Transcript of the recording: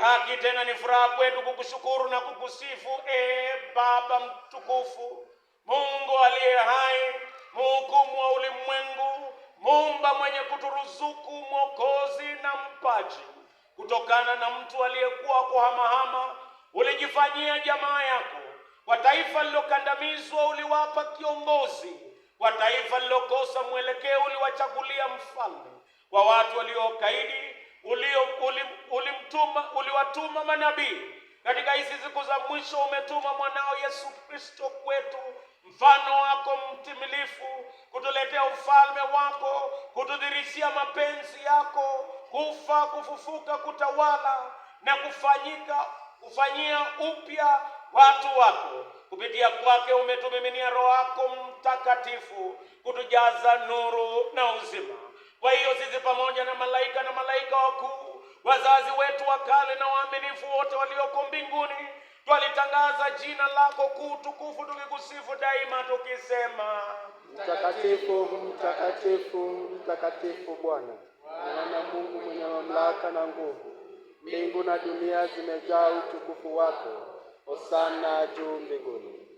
haki tena ni furaha kwetu kukushukuru na kukusifu, ee Baba mtukufu, Mungu aliye hai, muhukumu wa ulimwengu, muumba mwenye kuturuzuku, mwokozi na mpaji. Kutokana na mtu aliyekuwa kuhamahama, ulijifanyia jamaa yako. Kwa taifa lilokandamizwa, uliwapa kiongozi. Kwa taifa lilokosa mwelekeo, uliwachagulia mfalme. Kwa watu waliokaidi uliwatuma uliwatuma manabii katika hizi siku za mwisho umetuma mwanao Yesu Kristo kwetu, mfano wako mtimilifu, kutuletea ufalme wako, kutudirishia mapenzi yako, kufa, kufufuka, kutawala na kufanyika kufanyia upya watu wako. Kupitia kwake umetumiminia Roho yako Mtakatifu kutujaza nuru na uzima Wazazi wetu wa kale na waaminifu wote walioko mbinguni, twalitangaza jina lako kuu tukufu, tukikusifu daima tukisema, mtakatifu mtakatifu mtakatifu Bwana Bwana Mungu mwenye mamlaka na nguvu, mbingu na dunia zimejaa utukufu wako. Hosana juu mbinguni.